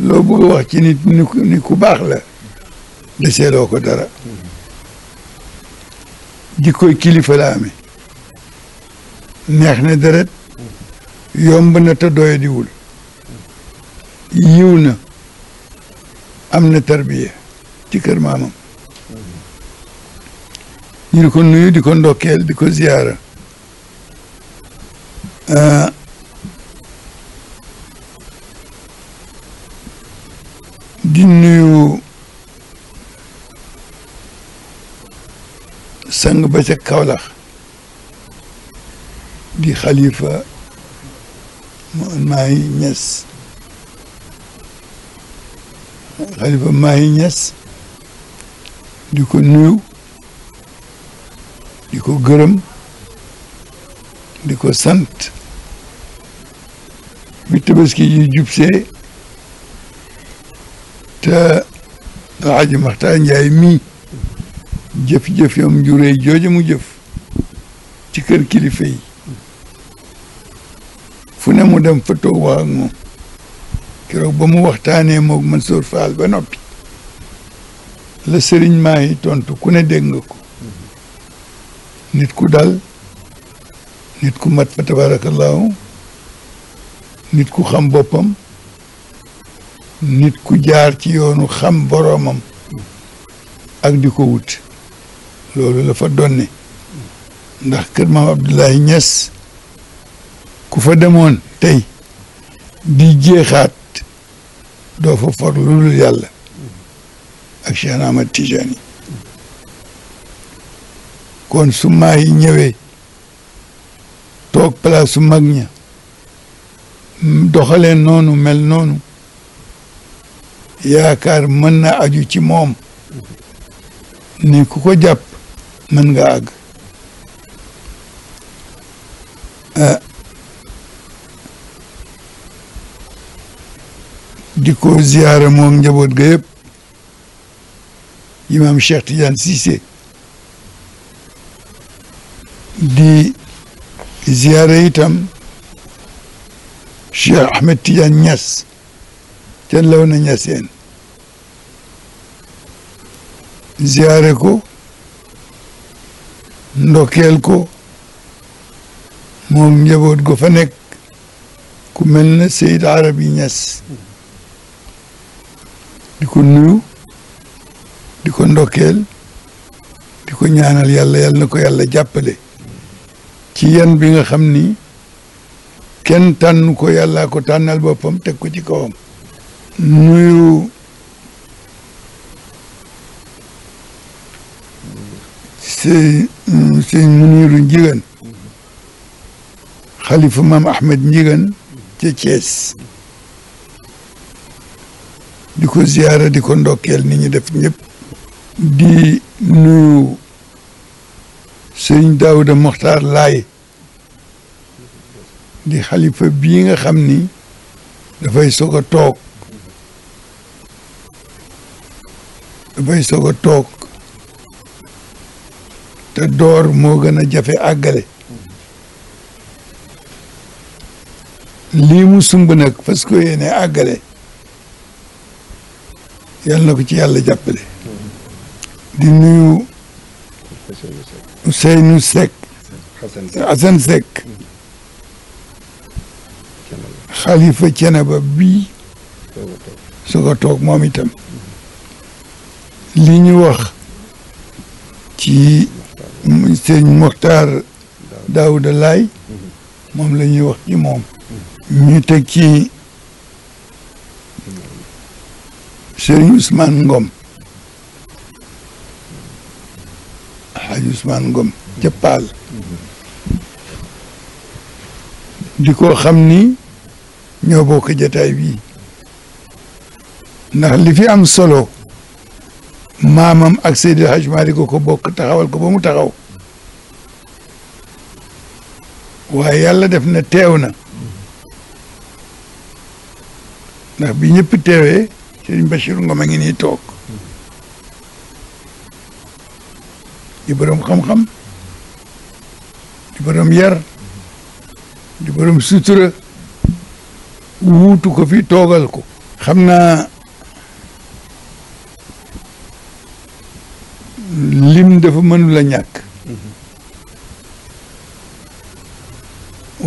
loo bëgg a wax ci nit ni ku baax la deseeloo ko dara jikkoy kilifa la amee neex na deret yomb na te doyadiwul yiw na am na tarbiya ci kër maamam ñu di ko nuyu di ko ndokkeel di ko ziyaara ah, di nuyu sang ba ca Kaolack di xalifa Mahi Niass xalifa Mahi Niass di ko nuyu di ko gërëm di ko sant bi tabaski yi jubsee te Aji Maxtaar Njaay mi jëf-jëfam juree jooju mu jëf ci kër kilifa yi fu ne mu dem fa toog wax ak moom ba mu waxtaanee moog Mansour Fall ba noppi la sëriñ maa tontu ku ne dégg nga nit ku dal nit ku mat fa tabarakallahu nit ku xam boppam nit ku jaar ci yoonu xam boroomam ak di ko wut loolu la fa donne ndax kër maam Abdoulaye Niass ku fa demoon tey di jeexaat doo fa for lu dul yàlla ak Cheikh Ahmad Tijani kon su maay ñëwee toog place su mag ña doxalee noonu mel noonu yaakaar mën na aju ci moom ni ku ko jàpp mën nga àgg eh, di ko ziyaara moom njaboot ga yëpp imam Cheikh Tidiane Cissé di ziyaara itam Cheikh Ahmed Tidiane Niass ca law na ñaseen ziyaare ko ndokkeel ko moom njaboot go fa nekk ku mel na Seyid Arabi Ñas di ko nuyu di ko ndokkeel di ko ñaanal yàlla yàlla na ko yàlla jàppale ci yan bi nga xam ni kenn tànn ko yàllaa ko tànnal boppam teg ko ci kawam nuyu sëñ sëñ Muniru Njigéen xalifa maam Ahmed Njigéen ca di ko ziyaara di ko ndokkeel ni ñu def ñëpp di nuyu sëñ Daawuda Moxtaar Laay di xalifa bii nga xam ni dafay sog a toog dafay soog a toog te door moo gën a jafe àggale lii mu sumb nag parce que yéene àggale yàlla na ko ci yàlla jàppale di nuyu Ousseynou Seck Assane Seck xalifa Ceneba bii soog a toog moom itam li ñu wax ci sëñ Mokhtar Daouda Laye moom la ñuy wax ci moom ñu teg ci sëñ Ousmane Ngom Hadj usmaan Ngom ca Paal di ko xam ni ñoo bokk jataay bii ndax li fi am solo maamam ak Seydi El Hadj Malick ko bokk taxawal ko ba mu taxaw waaye yàlla def na teew na nax bi ñëpp teewee Serigne Bachir Ngom a ngi nii toog di borom xam-xam di borom yar di borom sutura wuutu ko fi toogal ko xam naa lim dafa mënul a ñàkk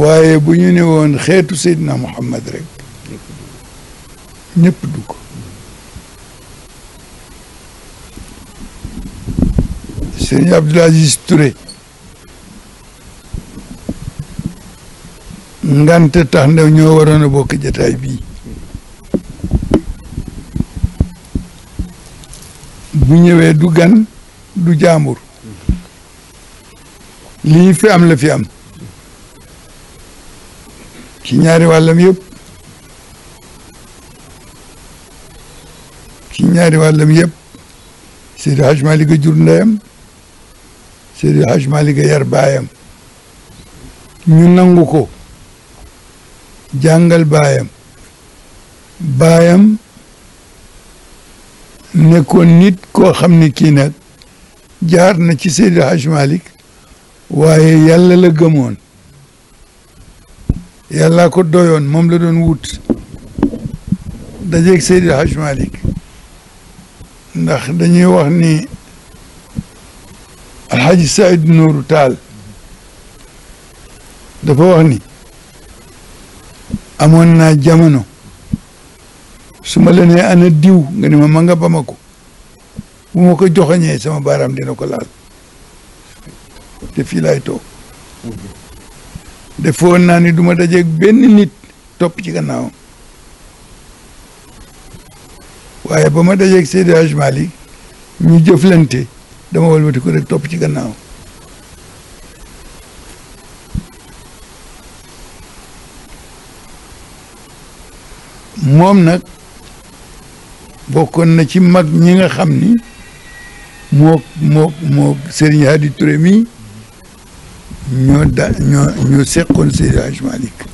waaye bu ñu ne woon xeetu Seydina Muhammad rek ñëpp dugg Serigne Abdoul Aziz Touré ngante tax ndew ñoo waroon a bokk jataay bii bu ñëwee du gan du jaambur lii fi am la fi am ci ñaari wàllam yëpp ci ñaari wàllam yëpp Seydi Hajj Malick a jur ndeyam Seydi Hajj Malick a yar baayam ñu nangu ko jàngal baayam baayam nekkoon nit koo xam ne kii nag jaar na ci Seydi Haj Malik waaye yàlla la gëmoon yàlla ko doyoon moom la doon wut dajeeg Seydi Haj Malik ndax dañuy wax ni Alhaji Saïd Nooru Taal dafa wax ni amoon naa jamono su ma la nee ana diw nga ne ma ma nga Bamako bu ma ko joxoñee sama baaraam dina ko laal te fii laay toog defoon naa ni duma ma benn nit topp ci gannaawam waaye ba ma dajeeg Seydi Hadj ñu jëflante dama walbati ko rek topp ci gannaaw moom nag bokkoon na ci mag ñi nga xam ni moo moo moo Serigne Hadi mi ñoo da ñoo ñoo seqoon Seydi Hadji Malick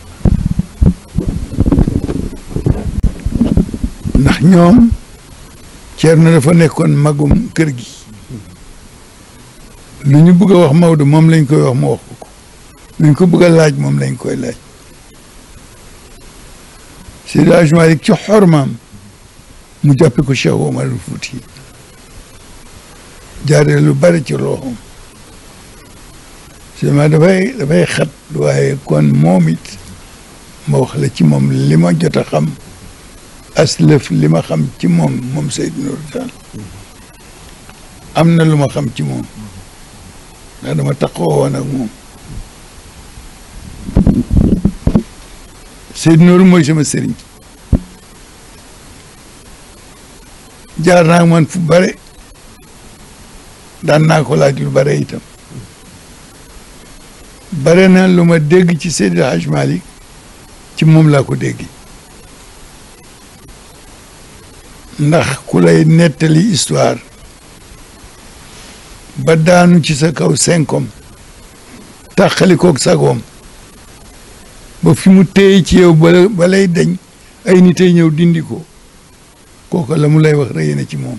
ndax ñoom Thierno dafa nekkoon magum kër gi lu ñu bëgg a wax Maodo moom lañ koy wax mu wax ko lu ñu ko bëgg a laaj moom lañ koy laaj Seydi Hadji Malick ci xormaam mu jàppe ko Cheikh Oumar Foutiyou jaaree lu bari ci roxom seulement dafay dafay xat waaye kon moom it ma wax ci moom li jot a xam aslëf li ma xam ci moom moom Seydou Nour Tall am na lu ma xam ci moom ndax dama taxoo woon ak moom Seydou Nour mooy sama sëriñ jaar naa man fu bare daan naa ko laaj lu bare itam bare na lu ma dégg ci Seydi El ci moom laa ko déggi ndax ku lay nettali histoire ba daanu ci sa kaw senkom tàqalikoog sagoom ba fi mu téye ci yow bala balay dañ ay nit ay ñëw dindi ko kooku la mu lay wax rëy ci moom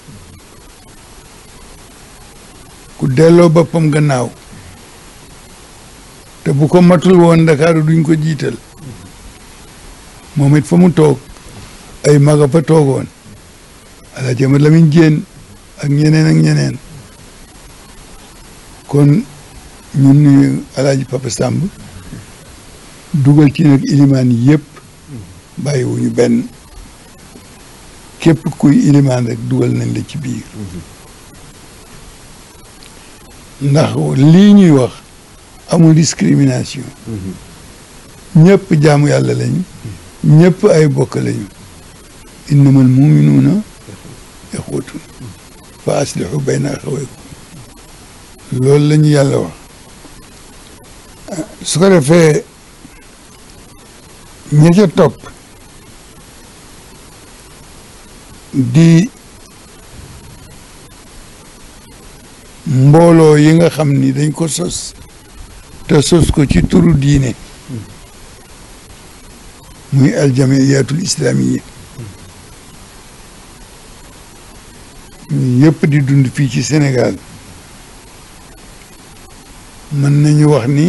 delloo boppam gannaaw te bu ko matul woon ndakaaru duñ ko jiital moom it fa mu toog ay maga fa toogoon ala jama Lamin Jéen ak ñeneen ak ñeneen kon ñun nuyu alaaji dugal ci nag ilimaan yëpp bàyyiwuñu benn képp ku ilimaan rek dugal nañ la ci biir ndax lii ñuy wax amul discrimination ñëpp jaamu yàlla lañu ñëpp ay bokk lañu innamal muminuuna ixwatun fa aslihu bayna axawaykum loolu la ñu yàlla wax su ko defee ña ca di mbooloo yi nga xam ni dañ ko sos te sos ko ci turu diine muy aljamiyatul islamiya yëpp di dund fii ci Sénégal mën nañu wax ni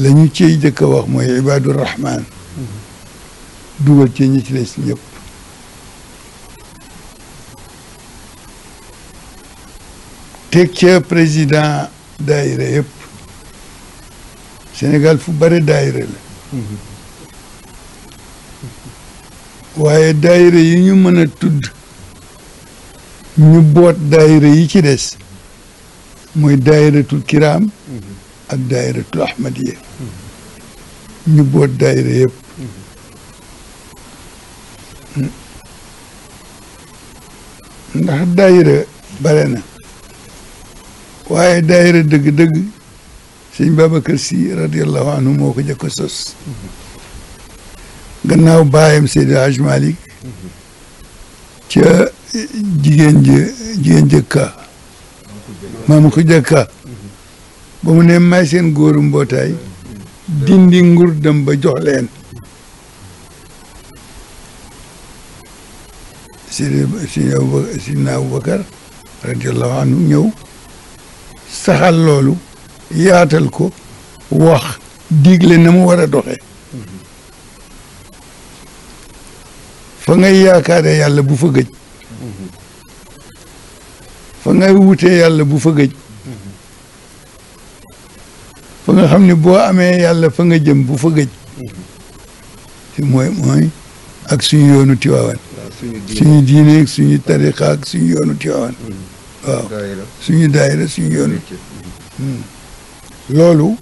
lañu ñu ciy jëkk a wax mooy ibaadu rahman dugal ci ñi ci les ñëpp teg ca président daayira yëpp Sénégal fu bare daayira la waaye daayira yi ñu mën a tudd ñu boot daayira yi ci des mooy daayiratul kiraam ak daayiratul ahmadiya ñu boot daayira yëpp ndax daayira bare na waaye daayira dëgg-dëgg sëñ Babacar Sy radiyallahu moo ko a sos gannaaw baayam Seydi Hajj Malick ca jigéen jë jigéen jëkka maam ko ba mu ne may seen góoru mbootaay dindi ngur dem ba jox leen Seydi Seydi Aboubacar radiyallahu ñëw saxal loolu yaatal ko wax digle na mu war a doxee fa ngay yaakaare yàlla bu fa gëj fa ngay wutee yàlla bu fa gëj fa nga xam ne boo amee yàlla fa nga jëm bu fa gëj ci mooy mooy ak suñu yoonu Tiwaawan suñu diine suñu tariqa ak suñu yoonu Tiwaawan waaw suñu daayira suñu yoon loolu